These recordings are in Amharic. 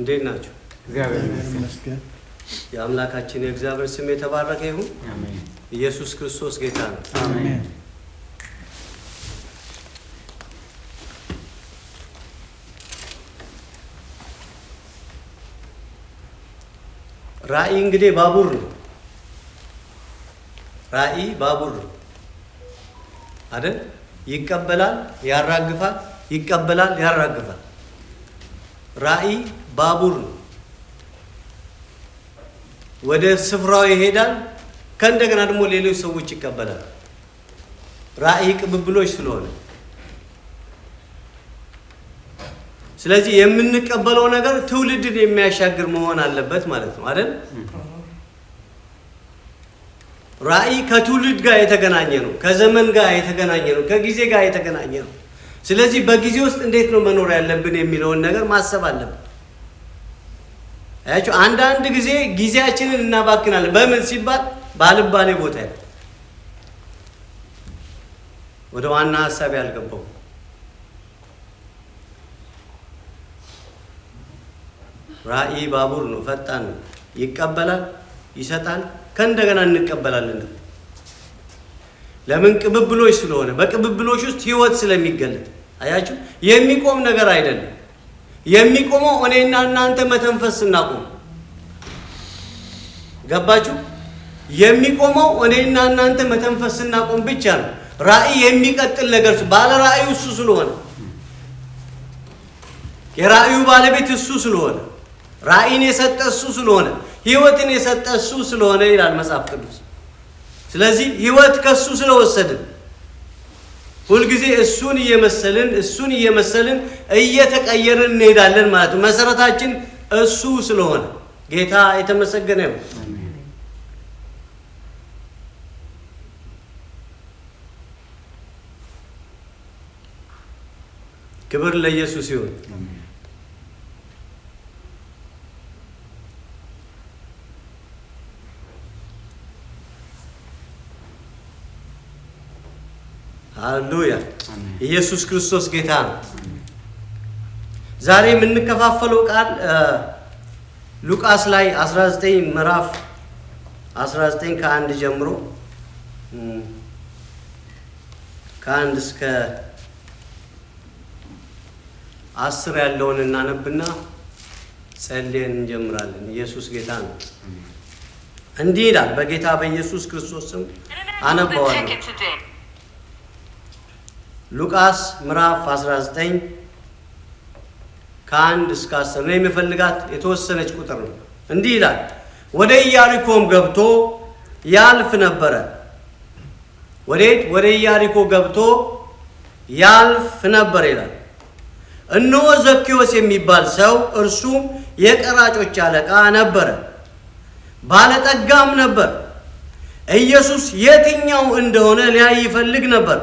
እንዴት ናቸው? የአምላካችን የእግዚአብሔር ስም የተባረከ ይሁን። ኢየሱስ ክርስቶስ ጌታ ነው። ራእይ እንግዲህ ባቡር ነው። ራእይ ባቡር ነው አይደል? ይቀበላል፣ ያራግፋል፣ ይቀበላል፣ ያራግፋል። ራእይ ባቡር ነው። ወደ ስፍራው ይሄዳል። ከእንደገና ደግሞ ሌሎች ሰዎች ይቀበላል። ራእይ ቅብብሎች ስለሆነ ስለዚህ የምንቀበለው ነገር ትውልድን የሚያሻግር መሆን አለበት ማለት ነው አይደል? ራእይ ከትውልድ ጋር የተገናኘ ነው፣ ከዘመን ጋር የተገናኘ ነው፣ ከጊዜ ጋር የተገናኘ ነው። ስለዚህ በጊዜ ውስጥ እንዴት ነው መኖር ያለብን የሚለውን ነገር ማሰብ አለብን። አያችሁ አንዳንድ ጊዜ ጊዜያችንን እናባክናለን። በምን ሲባል ባልባሌ ቦታ ያለ ወደ ዋና ሀሳብ ያልገባው ራእይ ባቡር ነው፣ ፈጣን ነው። ይቀበላል፣ ይሰጣል፣ ከእንደገና እንቀበላለን። ለምን? ቅብብሎች ስለሆነ በቅብብሎች ውስጥ ህይወት ስለሚገለጥ አያችሁ፣ የሚቆም ነገር አይደለም። የሚቆመው እኔና እናንተ መተንፈስ ስናቆም ገባችሁ? የሚቆመው እኔና እናንተ መተንፈስ ስናቆም ብቻ ነው። ራእይ የሚቀጥል ነገር ባለ ራእዩ እሱ ስለሆነ የራእዩ ባለቤት እሱ ስለሆነ ራእይን የሰጠ እሱ ስለሆነ ህይወትን የሰጠ እሱ ስለሆነ ይላል መጽሐፍ ቅዱስ። ስለዚህ ህይወት ከእሱ ስለወሰድን ሁልጊዜ እሱን እየመሰልን እሱን እየመሰልን እየተቀየርን እንሄዳለን ማለት ነው። መሰረታችን እሱ ስለሆነ ጌታ የተመሰገነ ነው። ክብር ለኢየሱስ ይሁን። ሃሌሉያ! ኢየሱስ ክርስቶስ ጌታ ነው። ዛሬ የምንከፋፈለው ቃል ሉቃስ ላይ 19 ምዕራፍ 19 ከአንድ ጀምሮ ከአንድ እስከ አስር ያለውን እናነብና ጸልየን እንጀምራለን። ኢየሱስ ጌታ ነው። እንዲህ ይላል። በጌታ በኢየሱስ ክርስቶስ ስም አነባዋለሁ። ሉቃስ ምዕራፍ 19 ከአንድ እስከ 10 ነው። የሚፈልጋት የተወሰነች ቁጥር ነው። እንዲህ ይላል፣ ወደ ኢያሪኮም ገብቶ ያልፍ ነበረ። ወዴት? ወደ ኢያሪኮ ገብቶ ያልፍ ነበር ይላል። እነሆ ዘኪዎስ የሚባል ሰው እርሱም የቀራጮች አለቃ ነበረ፣ ባለጠጋም ነበር። ኢየሱስ የትኛው እንደሆነ ሊያይ ይፈልግ ነበር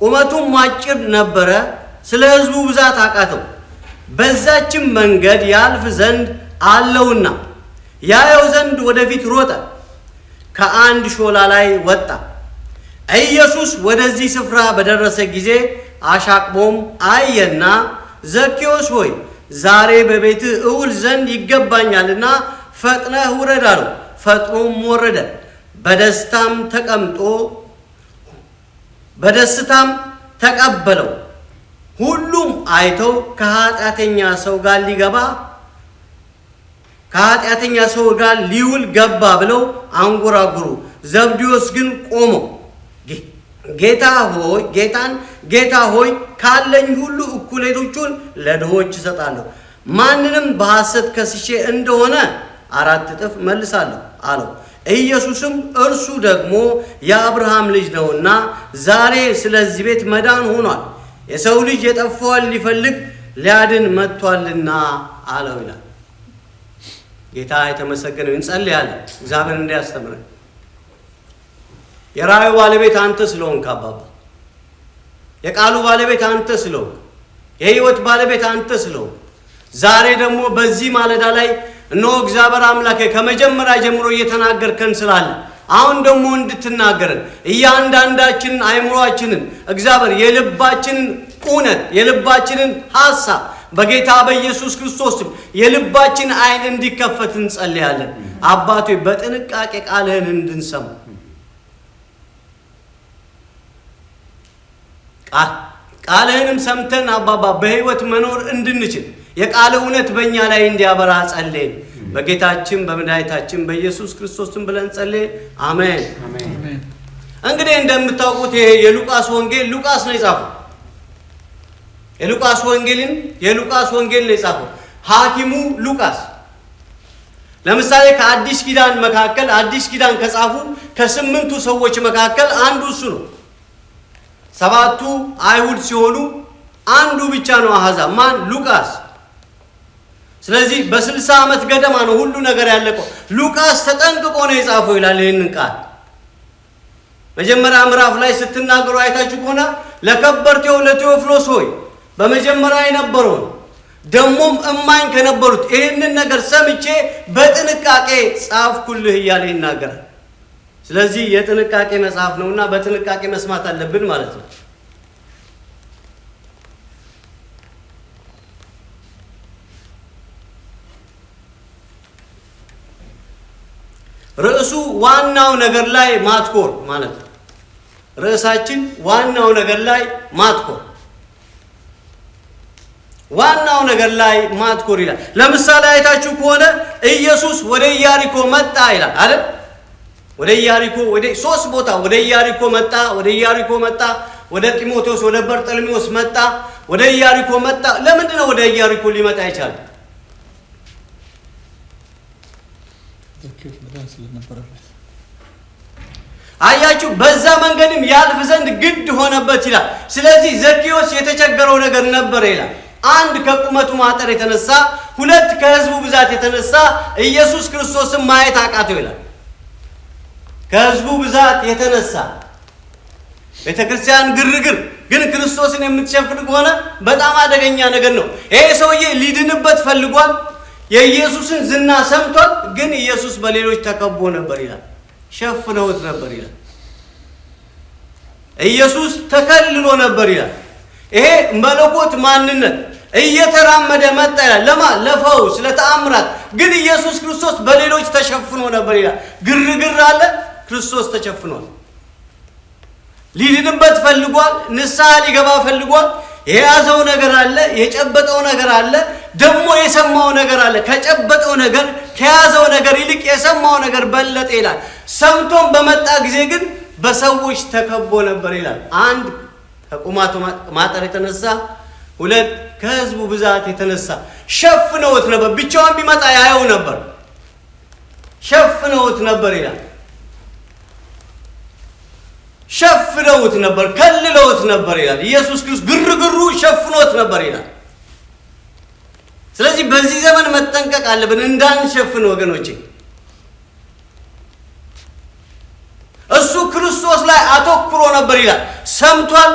ቁመቱም አጭር ነበረ። ስለ ሕዝቡ ብዛት አቃተው፣ በዛችም መንገድ ያልፍ ዘንድ አለውና ያየው ዘንድ ወደፊት ሮጠ። ከአንድ ሾላ ላይ ወጣ። ኢየሱስ ወደዚህ ስፍራ በደረሰ ጊዜ አሻቅቦም አየና ዘኬዎስ ሆይ ዛሬ በቤትህ እውል ዘንድ ይገባኛልና ፈጥነህ ውረድ አለው። ፈጥኖም ወረደ። በደስታም ተቀምጦ በደስታም ተቀበለው። ሁሉም አይተው ከኃጢአተኛ ሰው ጋር ሊገባ ከኃጢአተኛ ሰው ጋር ሊውል ገባ ብለው አንጎራጉሩ። ዘብዴዎስ ግን ቆሞ ጌታ ሆይ ጌታን ጌታ ሆይ ካለኝ ሁሉ እኩሌቶቹን ለድሆች እሰጣለሁ፣ ማንንም በሐሰት ከስሼ እንደሆነ አራት እጥፍ መልሳለሁ አለው። ኢየሱስም እርሱ ደግሞ የአብርሃም ልጅ ነውና ዛሬ ስለዚህ ቤት መዳን ሆኗል፣ የሰው ልጅ የጠፋውን ሊፈልግ ሊያድን መጥቷልና አለው ይላል። ጌታ የተመሰገነው። እንጸልያለን እግዚአብሔር እንዲያስተምረን። የራዩ ባለቤት አንተ ስለሆንክ አባባ፣ የቃሉ ባለቤት አንተ ስለሆንክ፣ የህይወት ባለቤት አንተ ስለሆንክ ዛሬ ደግሞ በዚህ ማለዳ ላይ እነሆ እግዚአብሔር አምላኬ ከመጀመሪያ ጀምሮ እየተናገርከን ስላለ አሁን ደግሞ እንድትናገረን እያንዳንዳችንን አይምሯችንን እግዚአብሔር የልባችንን ቁነት የልባችንን ሀሳብ በጌታ በኢየሱስ ክርስቶስ የልባችን አይን እንዲከፈት እንጸልያለን። አባቶ በጥንቃቄ ቃልህን እንድንሰማ ቃልህንም ሰምተን አባባ በህይወት መኖር እንድንችል የቃል እውነት በእኛ ላይ እንዲያበራ ጸልይን። በጌታችን በመድኃኒታችን በኢየሱስ ክርስቶስን ብለን ጸልይን። አሜን። እንግዲህ እንደምታውቁት ይሄ የሉቃስ ወንጌል ሉቃስ ነው የጻፈው። የሉቃስ ወንጌልን የሉቃስ ወንጌል ነው የጻፈው ሐኪሙ ሉቃስ። ለምሳሌ ከአዲስ ኪዳን መካከል አዲስ ኪዳን ከጻፉ ከስምንቱ ሰዎች መካከል አንዱ እሱ ነው። ሰባቱ አይሁድ ሲሆኑ አንዱ ብቻ ነው አሕዛብ። ማን? ሉቃስ ስለዚህ በስልሳ ዓመት ገደማ ነው ሁሉ ነገር ያለቀው። ሉቃስ ተጠንቅቆ ነው የጻፈው ይላል ይህንን ቃል መጀመሪያ ምዕራፍ ላይ ስትናገሩ አይታችሁ ከሆነ ለከበርቴው ለቴዎፍሎስ ሆይ በመጀመሪያ የነበረውን ደግሞም እማኝ ከነበሩት ይህንን ነገር ሰምቼ በጥንቃቄ ጻፍኩልህ እያለ ይናገራል። ስለዚህ የጥንቃቄ መጽሐፍ ነውና በጥንቃቄ መስማት አለብን ማለት ነው። ርዕሱ ዋናው ነገር ላይ ማትኮር ማለት ነው። ርዕሳችን ዋናው ነገር ላይ ማትኮር ዋናው ነገር ላይ ማትኮር ይላል። ለምሳሌ አይታችሁ ከሆነ ኢየሱስ ወደ ኢያሪኮ መጣ ይላል አይደል? ወደ ኢያሪኮ ወደ ሶስት ቦታ ወደ ኢያሪኮ መጣ፣ ወደ ኢያሪኮ መጣ፣ ወደ ጢሞቴዎስ ወደ በርጠልሜዎስ መጣ፣ ወደ ኢያሪኮ መጣ። ለምንድን ነው ወደ ኢያሪኮ ሊመጣ ይቻላል? ስለነበረበት አያችሁ፣ በዛ መንገድም ያልፍ ዘንድ ግድ ሆነበት ይላል። ስለዚህ ዘኪዎስ የተቸገረው ነገር ነበረ ይላል። አንድ ከቁመቱ ማጠር የተነሳ፣ ሁለት ከህዝቡ ብዛት የተነሳ ኢየሱስ ክርስቶስን ማየት አቃተው ይላል። ከህዝቡ ብዛት የተነሳ ቤተ ክርስቲያን ግርግር፣ ግን ክርስቶስን የምትሸፍን ከሆነ በጣም አደገኛ ነገር ነው። ይሄ ሰውዬ ሊድንበት ፈልጓል። የኢየሱስን ዝና ሰምቷል፣ ግን ኢየሱስ በሌሎች ተከቦ ነበር ይላል። ሸፍነውት ነበር ይላል። ኢየሱስ ተከልሎ ነበር ይላል። ይሄ መለኮት ማንነት እየተራመደ መጣ ይላል። ለማ ለፈውስ ለተአምራት፣ ግን ኢየሱስ ክርስቶስ በሌሎች ተሸፍኖ ነበር ይላል። ግርግር አለ፣ ክርስቶስ ተሸፍኗል። ሊድንበት ፈልጓል። ንስሐ ሊገባ ፈልጓል። የያዘው ነገር አለ፣ የጨበጠው ነገር አለ፣ ደግሞ የሰማው ነገር አለ። ከጨበጠው ነገር ከያዘው ነገር ይልቅ የሰማው ነገር በለጠ ይላል። ሰምቶም በመጣ ጊዜ ግን በሰዎች ተከቦ ነበር ይላል። አንድ ከቁማቱ ማጠር የተነሳ ሁለት ከህዝቡ ብዛት የተነሳ ሸፍነውት ነበር። ብቻውን ቢመጣ ያየው ነበር፣ ሸፍነውት ነበር ይላል። ሸፍነውት ነበር፣ ከልለውት ነበር ይላል ኢየሱስ ክርስቶስ። ግርግሩ ሸፍኖት ነበር ይላል። ስለዚህ በዚህ ዘመን መጠንቀቅ አለብን እንዳንሸፍን ወገኖቼ። እሱ ክርስቶስ ላይ አተኩሮ ነበር ይላል። ሰምቷል፣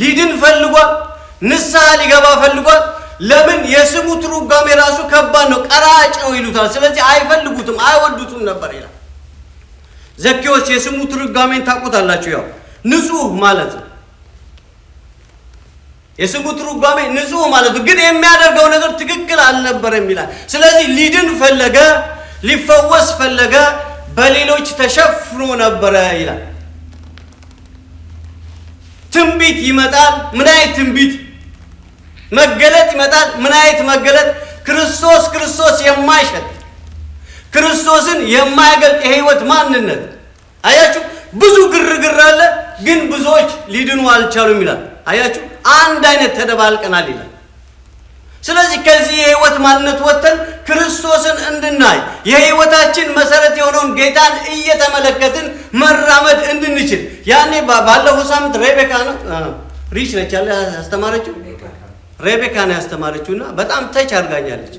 ሊድን ፈልጓል፣ ንስሐ ሊገባ ፈልጓል። ለምን የስሙ ትርጓሜ ራሱ ከባድ ነው፣ ቀራጭ ነው ይሉታል። ስለዚህ አይፈልጉትም፣ አይወዱትም ነበር ይላል። ዘኬዎስ የስሙ ትርጓሜን ታውቁታላችሁ። ያው ንጹህ ማለት ነው። የስሙ ትርጓሜ ንጹህ ማለት ነው። ግን የሚያደርገው ነገር ትክክል አልነበረም ይላል። ስለዚህ ሊድን ፈለገ፣ ሊፈወስ ፈለገ፣ በሌሎች ተሸፍኖ ነበረ ይላል። ትንቢት ይመጣል። ምን አይነት ትንቢት መገለጥ ይመጣል። ምን አይነት መገለጥ? ክርስቶስ ክርስቶስ የማይሸት ክርስቶስን የማያገልጥ የህይወት ማንነት አያችሁ። ብዙ ግርግር አለ፣ ግን ብዙዎች ሊድኑ አልቻሉም ይላል። አያችሁ፣ አንድ አይነት ተደባልቀናል ይላል። ስለዚህ ከዚህ የህይወት ማንነት ወጥተን ክርስቶስን እንድናይ የህይወታችን መሰረት የሆነውን ጌታን እየተመለከትን መራመድ እንድንችል ያኔ ባለፈው ሳምንት ሬቤካ ነው ሪች ነች ያለ ያስተማረችው ሬቤካ ነው ያስተማረችውና በጣም ተች አድርጋኛለች።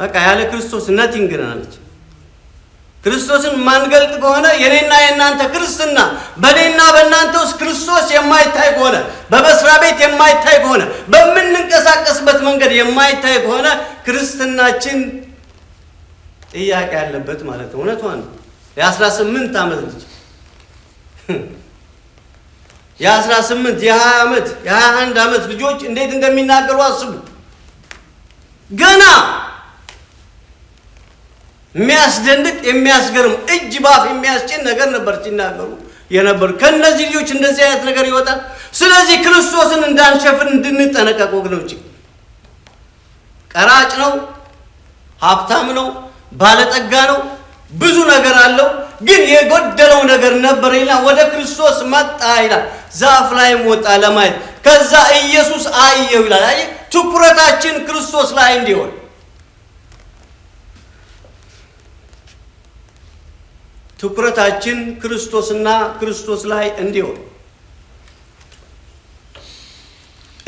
በቃ ያለ ክርስቶስ ነቲንግ ነን ክርስቶስን ማንገልጥ ከሆነ የኔና የእናንተ ክርስትና በእኔና በእናንተ ውስጥ ክርስቶስ የማይታይ ከሆነ በመስሪያ ቤት የማይታይ ከሆነ በምንንቀሳቀስበት መንገድ የማይታይ ከሆነ ክርስትናችን ጥያቄ ያለበት ማለት ነው። እውነቷን ነው። የአስራ ስምንት ዓመት ልጅ የአስራ ስምንት የሀያ ዓመት የሀያ አንድ ዓመት ልጆች እንዴት እንደሚናገሩ አስቡ ገና የሚያስደንቅ የሚያስገርም እጅ ባፍ የሚያስጭን ነገር ነበር ሲናገሩ የነበር ከእነዚህ ልጆች እንደዚህ አይነት ነገር ይወጣል። ስለዚህ ክርስቶስን እንዳንሸፍን እንድንጠነቀቅ ወገኖች። ቀራጭ ነው፣ ሀብታም ነው፣ ባለጠጋ ነው፣ ብዙ ነገር አለው። ግን የጎደለው ነገር ነበር ይላል። ወደ ክርስቶስ መጣ ይላል። ዛፍ ላይም ወጣ ለማየት። ከዛ ኢየሱስ አየው ይላል። አይ ትኩረታችን ክርስቶስ ላይ እንዲሆን ትኩረታችን ክርስቶስና ክርስቶስ ላይ እንዲሆን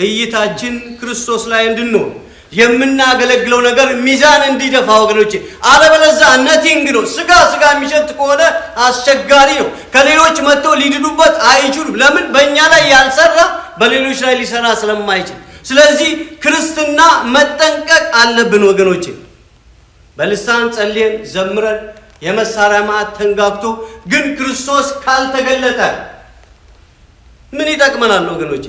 እይታችን ክርስቶስ ላይ እንድንሆን የምናገለግለው ነገር ሚዛን እንዲደፋ ወገኖቼ፣ አለበለዚያ ነቲንግ ነው። ስጋ ስጋ የሚሸጥ ከሆነ አስቸጋሪ ነው። ከሌሎች መጥተው ሊድዱበት አይችሉም። ለምን? በእኛ ላይ ያልሰራ በሌሎች ላይ ሊሰራ ስለማይችል። ስለዚህ ክርስትና መጠንቀቅ አለብን ወገኖቼ። በልሳን ጸልየን ዘምረን የመሳሪያ ማዕት ተንጋግቶ ግን ክርስቶስ ካልተገለጠ ምን ይጠቅመናል ወገኖች?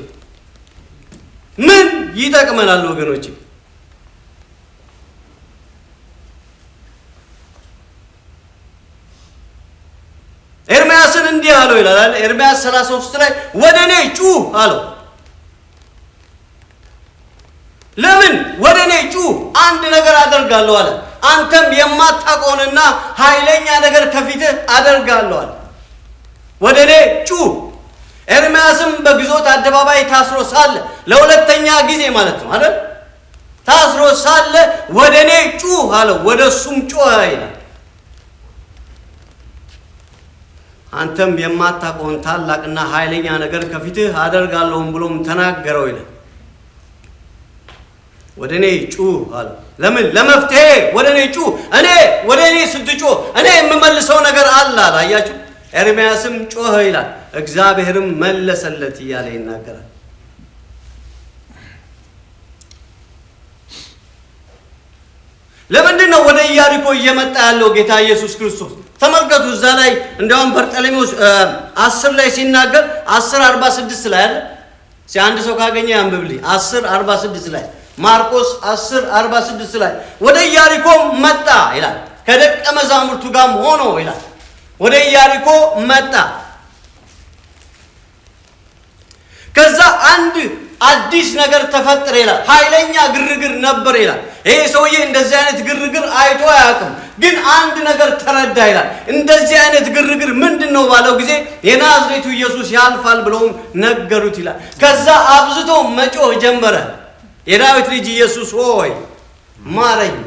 ምን ይጠቅመናል ወገኖች? ኤርምያስን እንዲህ አለው ይላል። ኤርምያስ 33 ላይ ወደ እኔ ጩህ አለው። ለምን ወደ እኔ ጩ አንድ ነገር አደርጋለሁ አለ። አንተም የማታውቀውንና ኃይለኛ ነገር ከፊትህ አደርጋለሁ አለ። ወደ እኔ ጩ። ኤርምያስም በግዞት አደባባይ ታስሮ ሳለ ለሁለተኛ ጊዜ ማለት ነው አይደል? ታስሮ ሳለ ወደ እኔ ጩ አለው። ወደ እሱም ጮኸ ይላል። አንተም የማታውቀውን ታላቅና ኃይለኛ ነገር ከፊትህ አደርጋለሁም ብሎም ተናገረው ይላል። ወደ እኔ አለ። ለምን? ለመፍትሄ ወደ እኔ እኔ ወደ እኔ እኔ የምመልሰው ነገር አለ አለ። አያችሁ፣ ኤርምያስም ጮኸ ይላል፣ እግዚአብሔርም መለሰለት እያለ ይናገራል። ለምንድን ነው ወደ ኢያሪኮ እየመጣ ያለው ጌታ ኢየሱስ ክርስቶስ? ተመልከቱ እዛ ላይ እንዲያውም በርጠሌሜዎስ አስር ላይ ሲናገር አስር አርባ ስድስት ላይ አለ። አንድ ሰው ካገኘ አንብብልኝ። አስር አርባ ስድስት ላይ ማርቆስ 10 46 ላይ ወደ ኢያሪኮ መጣ ይላል። ከደቀ መዛሙርቱ ጋር ሆኖ ይላል። ወደ ኢያሪኮ መጣ። ከዛ አንድ አዲስ ነገር ተፈጠረ ይላል። ኃይለኛ ግርግር ነበር ይላል። ይሄ ሰውዬ እንደዚህ አይነት ግርግር አይቶ አያውቅም፣ ግን አንድ ነገር ተረዳ ይላል። እንደዚህ አይነት ግርግር ምንድን ነው ባለው ጊዜ የናዝሬቱ ኢየሱስ ያልፋል ብለውም ነገሩት ይላል። ከዛ አብዝቶ መጮህ ጀመረ። የዳዊት ልጅ ኢየሱስ ሆይ ማረኝ።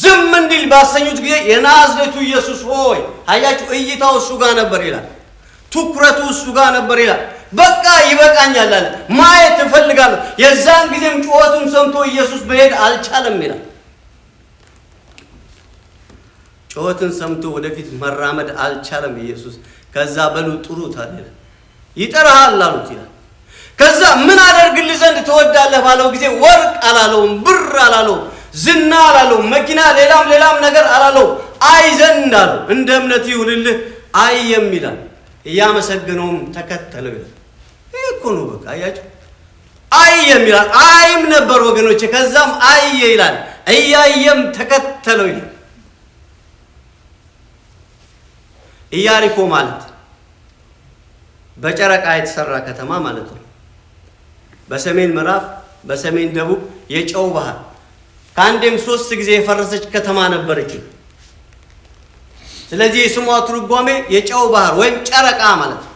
ዝም እንዲል ባሰኙት ጊዜ የናዝሬቱ ኢየሱስ ሆይ አያችሁ፣ እይታው እሱ ጋር ነበር ይላል። ትኩረቱ እሱ ጋር ነበር ይላል። በቃ ይበቃኛል አለ። ማየት እፈልጋለሁ። የዛን ጊዜም ጩኸቱን ሰምቶ ኢየሱስ መሄድ አልቻለም ይላል። ጩኸትን ሰምቶ ወደፊት መራመድ አልቻለም ኢየሱስ። ከዛ በሉ ጥሩት አለ። ይጠራሃል አሉት ይላል ከዛ ምን አደርግልህ ዘንድ ትወዳለህ ባለው ጊዜ ወርቅ አላለውም፣ ብር አላለው፣ ዝና አላለው፣ መኪና ሌላም ሌላም ነገር አላለው፣ አይ ዘንድ አለው። እንደ እምነት ይሁንልህ አይ የሚላል እያመሰገነውም ተከተለው ይላል። ይህ እኮ ነው በቃ አያቸው። አይ የሚላል አይም ነበር ወገኖች። ከዛም አየ ይላል፣ እያየም ተከተለው ይላል። እያሪኮ ማለት በጨረቃ የተሰራ ከተማ ማለት ነው። በሰሜን ምዕራብ፣ በሰሜን ደቡብ የጨው ባህር ከአንዴም ሶስት ጊዜ የፈረሰች ከተማ ነበረች። ስለዚህ የስሟ ትርጓሜ የጨው ባህር ወይም ጨረቃ ማለት ነው።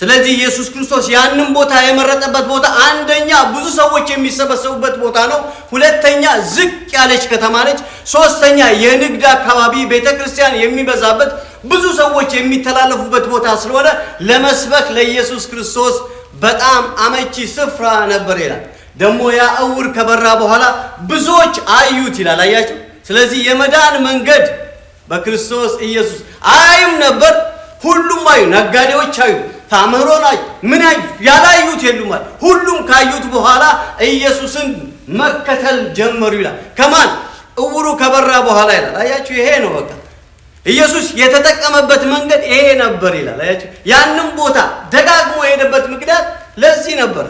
ስለዚህ ኢየሱስ ክርስቶስ ያንን ቦታ የመረጠበት ቦታ አንደኛ ብዙ ሰዎች የሚሰበሰቡበት ቦታ ነው። ሁለተኛ ዝቅ ያለች ከተማ ነች። ሶስተኛ የንግድ አካባቢ ቤተ ክርስቲያን የሚበዛበት ብዙ ሰዎች የሚተላለፉበት ቦታ ስለሆነ ለመስበክ ለኢየሱስ ክርስቶስ በጣም አመቺ ስፍራ ነበር ይላል። ደግሞ ያ እውር ከበራ በኋላ ብዙዎች አዩት ይላል። አያቸው። ስለዚህ የመዳን መንገድ በክርስቶስ ኢየሱስ አይም ነበር። ሁሉም አዩ። ነጋዴዎች አዩ፣ ታምሮን ላይ ምን አዩ? ያላዩት የሉም። ሁሉም ካዩት በኋላ ኢየሱስን መከተል ጀመሩ ይላል። ከማን እውሩ ከበራ በኋላ ይላል። አያችሁ፣ ይሄ ነው በቃ ኢየሱስ የተጠቀመበት መንገድ ይሄ ነበር ይላል። አያችሁ፣ ያንም ቦታ ደጋግሞ የሄደበት ምክንያት ለዚህ ነበረ።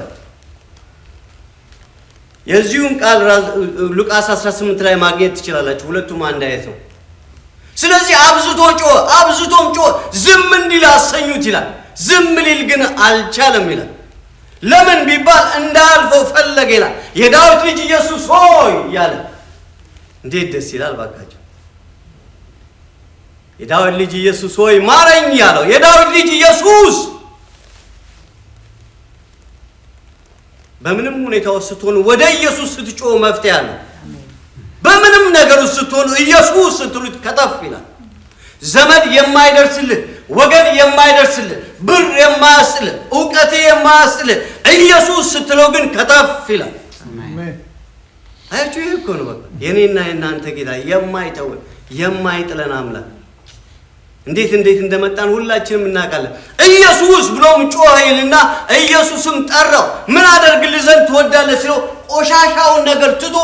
የዚሁን ቃል ሉቃስ 18 ላይ ማግኘት ትችላላችሁ። ሁለቱም አንድ አይነት ነው። ስለዚህ አብዝቶ ጮኸ፣ አብዝቶም ጮኸ፣ ዝም እንዲል አሰኙት ይላል። ዝም ሊል ግን አልቻለም ይላል። ለምን ቢባል እንዳልፈው ፈለገ ይላል። የዳዊት ልጅ ኢየሱስ ሆይ ያለ እንዴት ደስ ይላል ባካቸው የዳዊት ልጅ ኢየሱስ ሆይ ማረኝ ያለው የዳዊት ልጅ ኢየሱስ በምንም ሁኔታ ውስጥ ስትሆኑ ወደ ኢየሱስ ስትጮህ መፍትሄ አለ። በምንም ነገር ውስጥ ስትሆኑ ኢየሱስ ስትሉት ከተፍ ይላል። ዘመድ የማይደርስልህ፣ ወገን የማይደርስልህ፣ ብር የማያስጥልህ፣ እውቀቴ የማያስጥልህ ኢየሱስ ስትለው ግን ከተፍ ይላል። አያችሁ፣ ይህ እኮ ነው በቃ የኔና የእናንተ ጌታ የማይተውን የማይጥለን አምላክ እንዴት እንዴት እንደመጣን ሁላችንም እናውቃለን። ኢየሱስ ብሎም ጮኸ ይልና ኢየሱስም ጠራው። ምን አደርግልህ ዘንድ ትወዳለህ ሲለው ቆሻሻውን ነገር ትቶ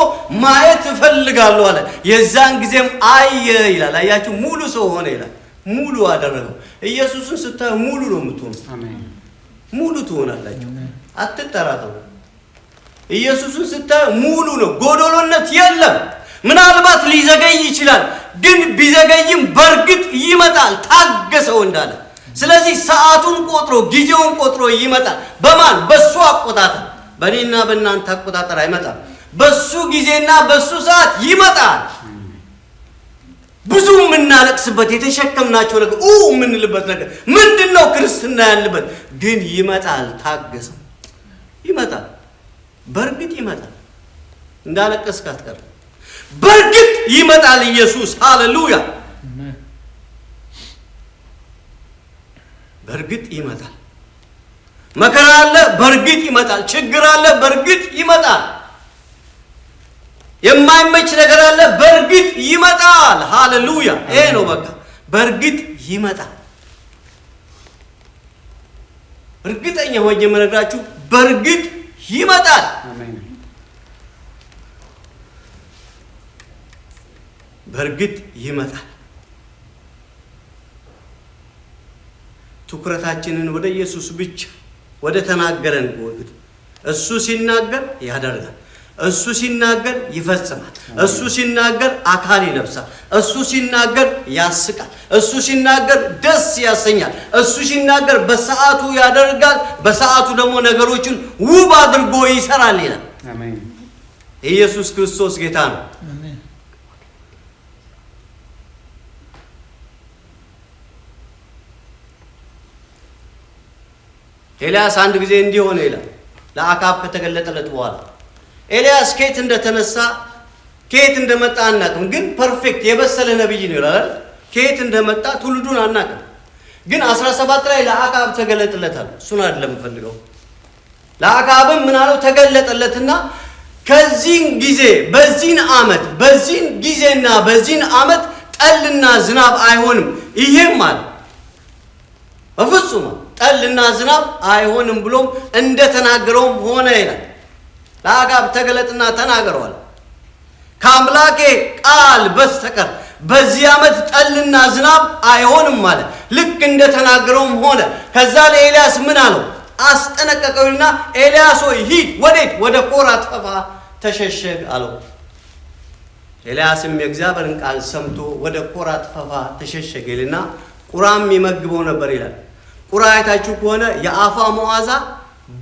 ማየት እፈልጋለሁ አለ። የዛን ጊዜም አየ ይላል። አያችሁ ሙሉ ሰው ሆነ ይላል። ሙሉ አደረገው። ኢየሱስን ስታዩ ሙሉ ነው የምትሆኑ። ሙሉ ትሆናላችሁ፣ አትጠራጠሩ። ኢየሱስን ስታዩ ሙሉ ነው፣ ጎዶሎነት የለም። ምናልባት ሊዘገይ ይችላል፣ ግን ቢዘገይም በእርግጥ ይመጣል። ታገሰው እንዳለ ስለዚህ ሰዓቱን ቆጥሮ ጊዜውን ቆጥሮ ይመጣል። በማን በሱ አቆጣጠር፣ በእኔና በእናንተ አቆጣጠር አይመጣም። በሱ ጊዜና በሱ ሰዓት ይመጣል። ብዙ የምናለቅስበት የተሸከምናቸው ነገር ኡ የምንልበት ነገር ምንድን ነው? ክርስትና ያልንበት ግን ይመጣል። ታገሰው፣ ይመጣል። በእርግጥ ይመጣል። እንዳለቀስክ አትቀርም። በእርግጥ ይመጣል ኢየሱስ። ሃሌሉያ! በእርግጥ ይመጣል። መከራ አለ፣ በእርግጥ ይመጣል። ችግር አለ፣ በእርግጥ ይመጣል። የማይመች ነገር አለ፣ በእርግጥ ይመጣል። ሃሌሉያ! ይሄ ነው በቃ በእርግጥ ይመጣል። እርግጠኛ ሆኜ የምነግራችሁ በእርግጥ ይመጣል። በእርግጥ ይመጣል። ትኩረታችንን ወደ ኢየሱስ ብቻ ወደ ተናገረን ወግድ። እሱ ሲናገር ያደርጋል። እሱ ሲናገር ይፈጽማል። እሱ ሲናገር አካል ይለብሳል። እሱ ሲናገር ያስቃል። እሱ ሲናገር ደስ ያሰኛል። እሱ ሲናገር በሰዓቱ ያደርጋል። በሰዓቱ ደግሞ ነገሮችን ውብ አድርጎ ይሰራል ይላል። ኢየሱስ ክርስቶስ ጌታ ነው። ኤልያስ አንድ ጊዜ እንዲሆን ይላል ለአካብ ከተገለጠለት በኋላ ኤልያስ ከየት እንደተነሳ ከየት እንደመጣ አናቅም፣ ግን ፐርፌክት የበሰለ ነቢይ ነው ይላል። ከየት እንደመጣ ትውልዱን አናቅም፣ ግን 17 ላይ ለአካብ ተገለጠለታል። እሱን አይደለም ፈልገው። ለአካብም ምናለው ተገለጠለትና ከዚህን ጊዜ በዚህን ዓመት በዚህን ጊዜና በዚህን ዓመት ጠልና ዝናብ አይሆንም። ይሄም ማለት በፍጹም ጠልና ዝናብ አይሆንም ብሎም እንደተናገረውም ሆነ ይላል። ለአጋብ ተገለጥና ተናገረዋል። ከአምላኬ ቃል በስተቀር በዚህ ዓመት ጠልና ዝናብ አይሆንም ማለት ልክ እንደተናገረውም ሆነ። ከዛ ለኤልያስ ምን አለው? አስጠነቀቀውና ኤልያስ ሆይ ሂድ፣ ወዴት? ወደ ኮራ ጠፋ ተሸሸግ አለው። ኤልያስም የእግዚአብሔርን ቃል ሰምቶ ወደ ኮራ ጠፋ ተሸሸገልና ቁራም ይመግበው ነበር ይላል። ቁራ ከሆነ የአፋ መዓዛ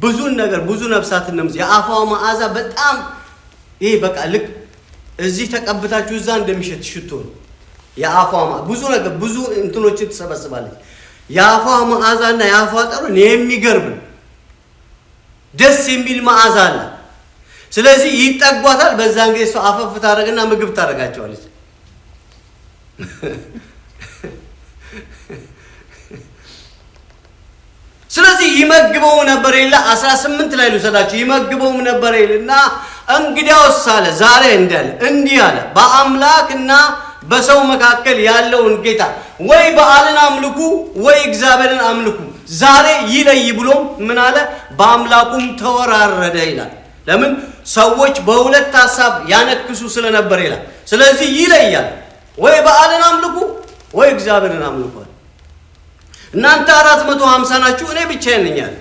ብዙን ነገር ብዙ ነፍሳትን እንደምዝ የአፋው መዓዛ በጣም ይሄ በቃ ልክ እዚህ ተቀብታችሁ እዛ እንደሚሸት ሽቶ ነው። የአፏ ብዙ ነገር ብዙ እንትኖችን ትሰበስባለች። የአፏ መዓዛና የአፏ ጠረን የሚገርም ነው። ደስ የሚል መዓዛ አለ። ስለዚህ ይጠጓታል። በዛን ጊዜ ሰው አፈፍ ታደርግና ምግብ ታደርጋቸዋለች። ስለዚህ ይመግበው ነበር የለ 18 ላይ ልውሰዳችሁ። ይመግበውም ነበር የለና እንግዲያውስ አለ ዛሬ እንዳለ እንዲህ አለ በአምላክና በሰው መካከል ያለውን ጌታ ወይ በዓልን አምልኩ ወይ እግዚአብሔርን አምልኩ ዛሬ ይለይ ብሎም ምን አለ በአምላኩም ተወራረደ ይላል። ለምን ሰዎች በሁለት ሀሳብ ያነክሱ ስለነበር ይላል። ስለዚህ ይለያል ወይ በዓልን አምልኩ ወይ እግዚአብሔርን አምልኩ እናንተ አራት መቶ ሀምሳ ናችሁ፣ እኔ ብቻዬን ነኝ አለ።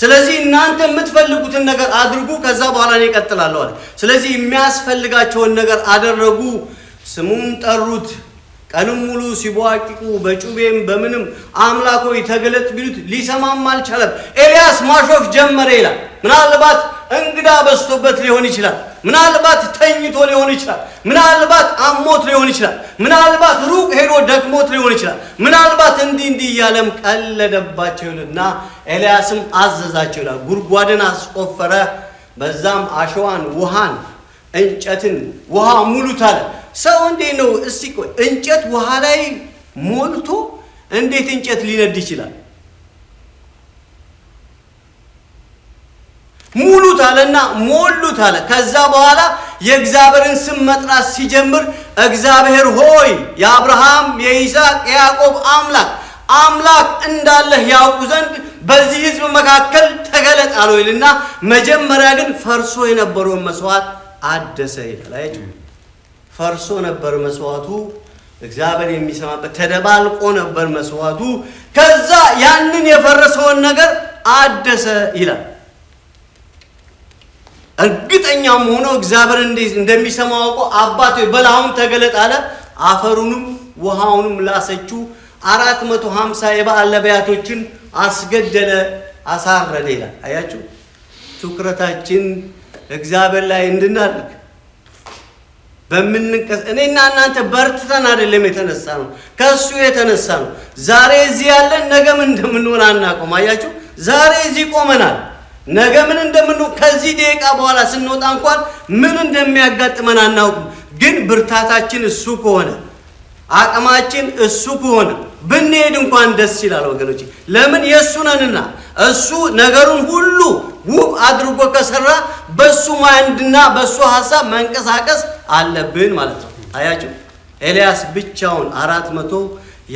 ስለዚህ እናንተ የምትፈልጉትን ነገር አድርጉ፣ ከዛ በኋላ እኔ እቀጥላለሁ አለ። ስለዚህ የሚያስፈልጋቸውን ነገር አደረጉ፣ ስሙን ጠሩት። ቀንም ሙሉ ሲቧቂቁ በጩቤም በምንም አምላኮ ተገለጥ ቢሉት ሊሰማም አልቻለም። ኤልያስ ማሾፍ ጀመረ ይላል። ምናልባት እንግዳ በዝቶበት ሊሆን ይችላል። ምናልባት ተኝቶ ሊሆን ይችላል። ምናልባት አሞት ሊሆን ይችላል። ምናልባት ሩቅ ሄዶ ደክሞት ሊሆን ይችላል። ምናልባት እንዲህ እንዲህ እያለም ቀለደባቸው ይልና ኤልያስም አዘዛቸው ይላል። ጉድጓድን አስቆፈረ፣ በዛም አሸዋን፣ ውሃን፣ እንጨትን ውሃ ሙሉት አለ። ሰው እንዴት ነው እስቲ ቆይ እንጨት ውሃ ላይ ሞልቶ እንዴት እንጨት ሊነድ ይችላል? ሙሉት አለና ሞሉት አለ። ከዛ በኋላ የእግዚአብሔርን ስም መጥራት ሲጀምር እግዚአብሔር ሆይ የአብርሃም የይስሐቅ የያዕቆብ አምላክ አምላክ እንዳለህ ያውቁ ዘንድ በዚህ ሕዝብ መካከል ተገለጥ አለው ይልና መጀመሪያ ግን ፈርሶ የነበረውን መስዋዕት አደሰ ይላል። ፈርሶ ነበር መስዋዕቱ። እግዚአብሔር የሚሰማበት ተደባልቆ ነበር መስዋዕቱ። ከዛ ያንን የፈረሰውን ነገር አደሰ ይላል። እርግጠኛም ሆኖ እግዚአብሔር እንደሚሰማ አውቆ አባቴ በላሁን ተገለጥ አለ። አፈሩንም ውሃውንም ላሰችው። አራት መቶ ሀምሳ የበዓል ነቢያቶችን አስገደለ፣ አሳረደ ይላል። አያችሁ ትኩረታችን እግዚአብሔር ላይ እንድናደርግ በምንቀስ እኔና እናንተ በርትተን አይደለም የተነሳ ነው፣ ከሱ የተነሳ ነው። ዛሬ እዚህ ያለን ነገ ምን እንደምንሆን አናውቅም። አያችሁ፣ ዛሬ እዚህ ቆመናል፣ ነገ ምን እንደምንሆን ከዚህ ደቂቃ በኋላ ስንወጣ እንኳን ምን እንደሚያጋጥመን አናውቅም። ግን ብርታታችን እሱ ከሆነ አቅማችን እሱ ከሆነ ብንሄድ እንኳን ደስ ይላል ወገኖች። ለምን የእሱ ነንና፣ እሱ ነገሩን ሁሉ ውብ አድርጎ ከሰራ በእሱ ማንድና በእሱ ሀሳብ መንቀሳቀስ አለብን ማለት ነው። አያችሁ ኤልያስ ብቻውን አራት መቶ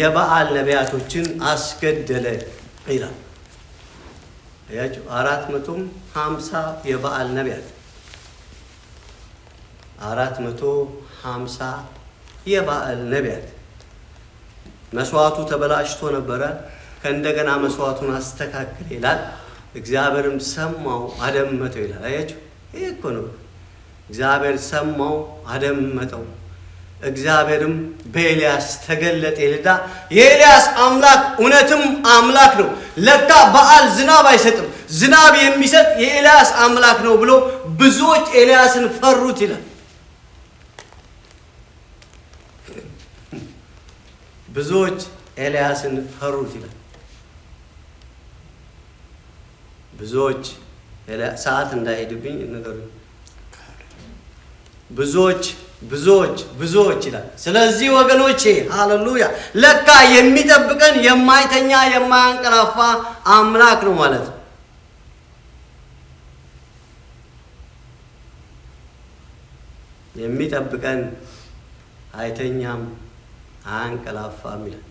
የበዓል ነቢያቶችን አስገደለ ይላል። አያችሁ አራት መቶም ሀምሳ የበዓል ነቢያት አራት መቶ ሀምሳ የበዓል ነቢያት መስዋዕቱ ተበላሽቶ ነበረ። ከእንደገና መስዋዕቱን አስተካክል ይላል። እግዚአብሔርም ሰማው አደመጠው ይላል። አያችሁ፣ ይህ እኮ ነው። እግዚአብሔር ሰማው አደመጠው። እግዚአብሔርም በኤልያስ ተገለጠ ይልዳ የኤልያስ አምላክ እውነትም አምላክ ነው። ለካ በዓል ዝናብ አይሰጥም፣ ዝናብ የሚሰጥ የኤልያስ አምላክ ነው ብሎ ብዙዎች ኤልያስን ፈሩት ይላል። ብዙዎች ኤልያስን ፈሩት ይላል። ብዙዎች ሰዓት እንዳይሄድብኝ ነገሩ ብዙዎች ብዙዎች ብዙዎች ይላል። ስለዚህ ወገኖቼ ሃሌሉያ፣ ለካ የሚጠብቀን የማይተኛ የማያንቀላፋ አምላክ ነው ማለት ነው። የሚጠብቀን አይተኛም አንቀላፋም ይላል።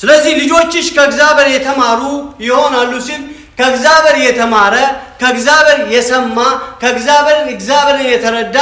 ስለዚህ ልጆችሽ ከእግዚአብሔር የተማሩ ይሆናሉ ሲል ከእግዚአብሔር የተማረ ከእግዚአብሔር የሰማ ከእግዚአብሔር እግዚአብሔርን የተረዳ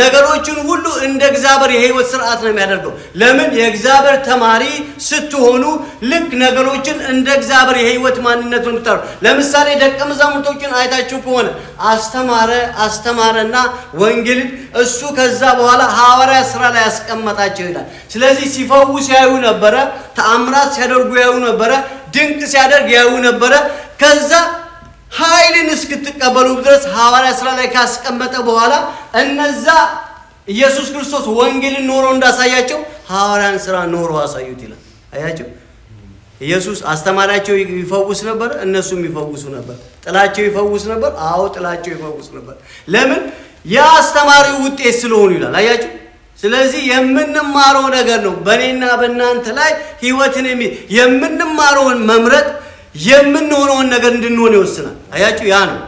ነገሮችን ሁሉ እንደ እግዚአብሔር የህይወት ስርዓት ነው የሚያደርገው። ለምን? የእግዚአብሔር ተማሪ ስትሆኑ ልክ ነገሮችን እንደ እግዚአብሔር የህይወት ማንነት ነው የምታሩ። ለምሳሌ ደቀ መዛሙርቶችን አይታችሁ ከሆነ አስተማረ አስተማረና ወንጌልን እሱ ከዛ በኋላ ሐዋርያ ስራ ላይ ያስቀመጣቸው ይላል። ስለዚህ ሲፈውስ ያዩ ነበረ፣ ተአምራት ሲያደርጉ ያዩ ነበረ፣ ድንቅ ሲያደርግ ያዩ ነበረ። ከዛ ኃይልን እስክትቀበሉ ድረስ ሐዋርያ ስራ ላይ ካስቀመጠ በኋላ እነዛ ኢየሱስ ክርስቶስ ወንጌልን ኖሮ እንዳሳያቸው ሐዋርያን ስራ ኖሮ አሳዩት ይላል። አያቸው ኢየሱስ አስተማሪያቸው ይፈውስ ነበር፣ እነሱም ይፈውሱ ነበር። ጥላቸው ይፈውስ ነበር፣ አዎ ጥላቸው ይፈውስ ነበር። ለምን? የአስተማሪው ውጤት ስለሆኑ ይላል። አያቸው ስለዚህ የምንማረው ነገር ነው። በእኔና በእናንተ ላይ ህይወትን የሚ የምንማረውን መምረጥ የምንሆነውን ነገር እንድንሆን ይወስናል። አያችሁ፣ ያ ነው።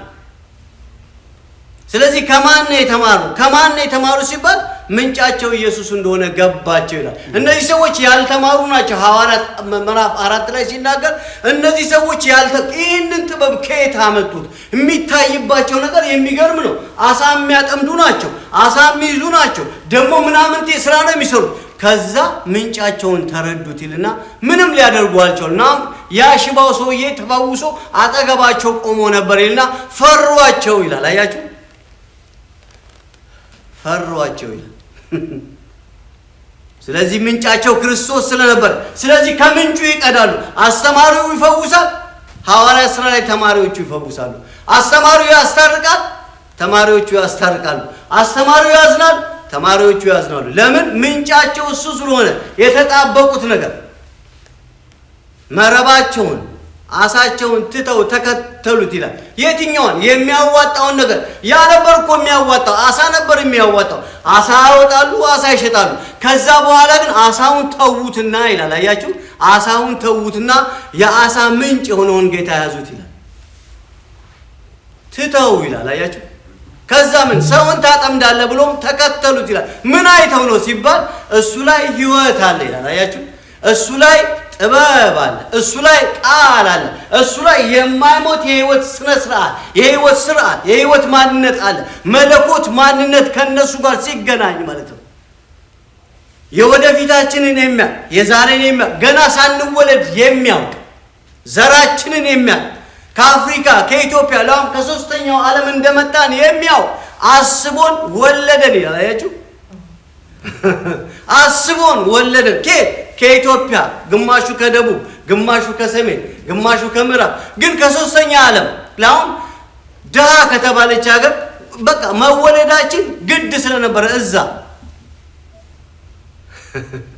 ስለዚህ ከማን ነው የተማሩ? ከማን ነው የተማሩ ሲባል ምንጫቸው ኢየሱስ እንደሆነ ገባቸው ይላል። እነዚህ ሰዎች ያልተማሩ ናቸው። ሐዋርያት ምዕራፍ አራት ላይ ሲናገር እነዚህ ሰዎች ያልተ ይህንን ጥበብ ከየት አመጡት? የሚታይባቸው ነገር የሚገርም ነው። አሳ የሚያጠምዱ ናቸው። አሳ የሚይዙ ናቸው። ደግሞ ምናምንቴ ስራ ነው የሚሰሩት። ከዛ ምንጫቸውን ተረዱት ይልና ምንም ሊያደርጉ አልቻሉ። ናም ያ ሽባው ሰውዬ ተፈውሶ አጠገባቸው ቆሞ ነበር ይልና ፈሯቸው ይላል። አያችሁ፣ ፈሯቸው ይላል። ስለዚህ ምንጫቸው ክርስቶስ ስለነበር፣ ስለዚህ ከምንጩ ይቀዳሉ። አስተማሪው ይፈውሳል፣ ሐዋርያ ስራ ላይ ተማሪዎቹ ይፈውሳሉ። አስተማሪው ያስታርቃል፣ ተማሪዎቹ ያስታርቃሉ። አስተማሪው ያዝናል ተማሪዎቹ ያዝናሉ። ለምን? ምንጫቸው እሱ ስለሆነ የተጣበቁት ነገር መረባቸውን አሳቸውን ትተው ተከተሉት ይላል። የትኛውን የሚያዋጣውን ነገር ያ ነበር እኮ የሚያዋጣው አሳ ነበር የሚያዋጣው። አሳ ያወጣሉ፣ አሳ ይሸጣሉ። ከዛ በኋላ ግን አሳውን ተዉትና ይላል። አያችሁ፣ አሳውን ተዉትና የአሳ ምንጭ የሆነውን ጌታ ያዙት ይላል። ትተው ይላል። አያችሁ ከዛ ምን ሰውን ታጠምዳለ ብሎም ተከተሉት ይላል። ምን አይተው ነው ሲባል እሱ ላይ ህይወት አለ ይላል። አያችሁ፣ እሱ ላይ ጥበብ አለ፣ እሱ ላይ ቃል አለ፣ እሱ ላይ የማይሞት የህይወት ስነ ስርዓት፣ የህይወት ስርዓት፣ የህይወት ማንነት አለ። መለኮት ማንነት ከነሱ ጋር ሲገናኝ ማለት ነው የወደፊታችንን የሚያውቅ የዛሬን የሚያውቅ ገና ሳንወለድ የሚያውቅ ዘራችንን የሚያውቅ ከአፍሪካ ከኢትዮጵያ ለም ከሶስተኛው ዓለም እንደመጣን የሚያው አስቦን ወለደን ይላል። አያችሁ፣ አስቦን ወለደን። ከየት? ከኢትዮጵያ ግማሹ ከደቡብ፣ ግማሹ ከሰሜን፣ ግማሹ ከምዕራብ። ግን ከሶስተኛ ዓለም ለሁም ድሃ ከተባለች ሀገር በቃ መወለዳችን ግድ ስለነበረ እዛ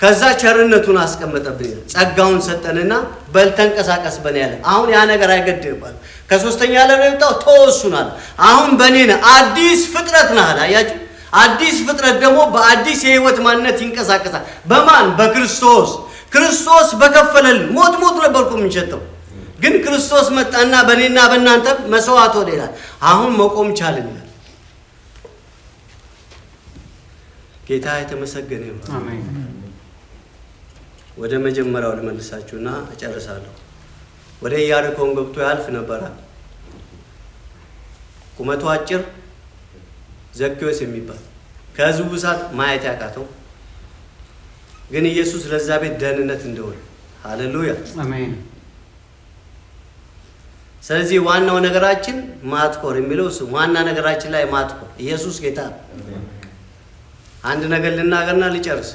ከዛ ቸርነቱን አስቀመጠብን ይላል። ጸጋውን ሰጠንና በልተንቀሳቀስ በኔ ያለ አሁን ያ ነገር አይገድባል። ከሶስተኛ ላይ ነው ተወሱን አለ። አሁን በኔ ነህ አዲስ ፍጥረት ነህ አለ። አያችሁ፣ አዲስ ፍጥረት ደግሞ በአዲስ የህይወት ማንነት ይንቀሳቀሳል። በማን በክርስቶስ ክርስቶስ በከፈለልን ሞት ሞት ነበርኩ የምንሸጠው ግን ክርስቶስ መጣና በእኔና በእናንተ መስዋዕት ሆነ ይላል። አሁን መቆም ቻልን ይላል። ጌታ የተመሰገነ ይሁን። ወደ መጀመሪያው ልመልሳችሁና እጨርሳለሁ። ወደ ኢያሪኮም ገብቶ ያልፍ ነበረ። ቁመቱ አጭር ዘኬዎስ የሚባል ከህዝቡ ብዛት ማየት ያቃተው ግን ኢየሱስ ለዛ ቤት ደህንነት እንደሆነ ሃሌሉያ፣ አሜን። ስለዚህ ዋናው ነገራችን ማትኮር የሚለው ስም ዋና ነገራችን ላይ ማትኮር ኢየሱስ ጌታ። አንድ ነገር ልናገርና ልጨርስ።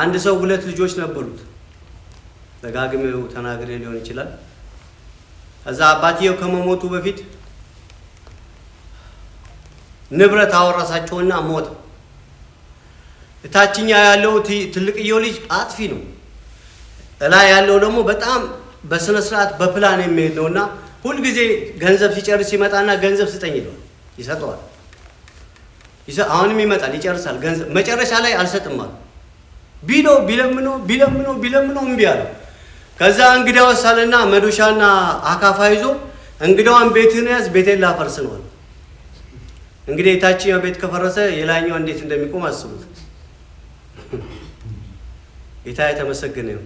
አንድ ሰው ሁለት ልጆች ነበሩት። ደጋግሜው ተናግሬ ሊሆን ይችላል። ከዛ አባትየው ከመሞቱ በፊት ንብረት አወራሳቸውና ሞተ። እታችኛ ያለው ትልቅየው ልጅ አጥፊ ነው። እላይ ያለው ደግሞ በጣም በስነ ስርዓት በፕላን የሚሄድ ነው እና ሁልጊዜ ገንዘብ ሲጨርስ ይመጣና ገንዘብ ስጠኝ ይለዋል። ይሰጠዋል። አሁንም ይመጣል፣ ይጨርሳል። ገንዘብ መጨረሻ ላይ አልሰጥም አሉ። ቢሎ ቢለምነው ቢለምነው ቢለምነው እምቢ አለ። ከዛ እንግዳ ወሳለና መዶሻና አካፋ ይዞ እንግዳዋን ቤትህን ያዝ ቤቴን ላፈርስ ነው አለ። እንግዲህ የታችኛው ቤት ከፈረሰ የላይኛው እንዴት እንደሚቆም አስቡት። ጌታ የተመሰገነ